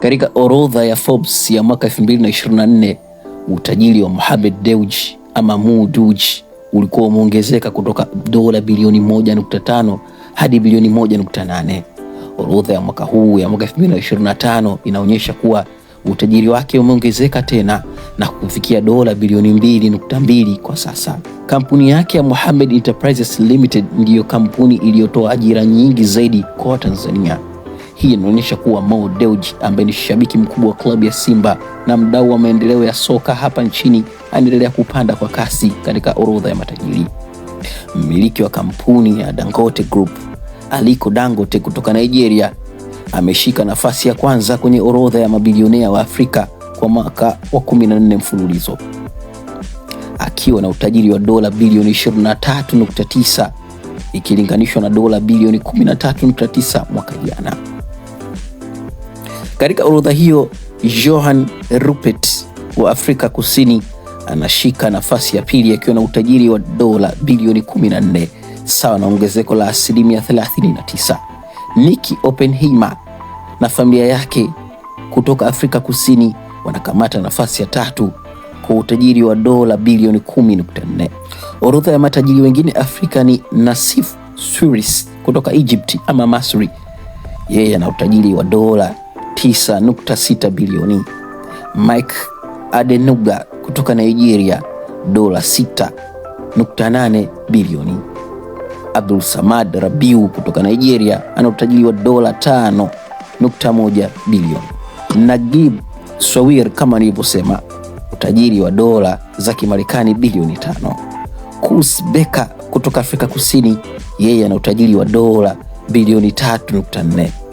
Katika orodha ya Forbes ya mwaka 2024 utajiri wa Mohamed Dewji ama Mo Dewji ulikuwa umeongezeka kutoka dola bilioni 1.5 hadi bilioni 1.8. Orodha ya mwaka huu ya mwaka 2025 inaonyesha kuwa utajiri wake umeongezeka tena na kufikia dola bilioni 2.2 kwa sasa. Kampuni yake ya Mohamed Enterprises Limited ndiyo kampuni iliyotoa ajira nyingi zaidi kwa Tanzania. Hii inaonyesha kuwa Mo Dewji ambaye ni shabiki mkubwa wa klabu ya Simba na mdau wa maendeleo ya soka hapa nchini anaendelea kupanda kwa kasi katika orodha ya matajiri. Mmiliki wa kampuni ya Dangote Group Aliko Dangote kutoka Nigeria ameshika nafasi ya kwanza kwenye orodha ya mabilionea wa Afrika kwa mwaka wa 14 mfululizo akiwa na utajiri wa dola bilioni 23.9 ikilinganishwa na dola bilioni 13.9 mwaka jana. Katika orodha hiyo, Johan Rupert wa Afrika Kusini anashika nafasi ya pili akiwa na utajiri wa dola bilioni 14 sawa na ongezeko la asilimia 39. Nicky Oppenheimer na familia yake kutoka Afrika Kusini wanakamata nafasi ya tatu kwa utajiri wa dola bilioni 10.4. Orodha ya matajiri wengine Afrika ni Nassif Suris kutoka Egypt ama Masri, yeye ana utajiri wa dola 9.6 bilioni. Mike Adenuga kutoka Nigeria dola 6.8 bilioni. Abdul Samad Rabiu kutoka Nigeria wa dola 5.1 bilioni. Nagib Swawir kama nilivyosema, utajiri wa dola za Kimarekani bilioni tano. Kus Beka kutoka Afrika Kusini, yeye ana utajiri wa dola bilioni 3.4.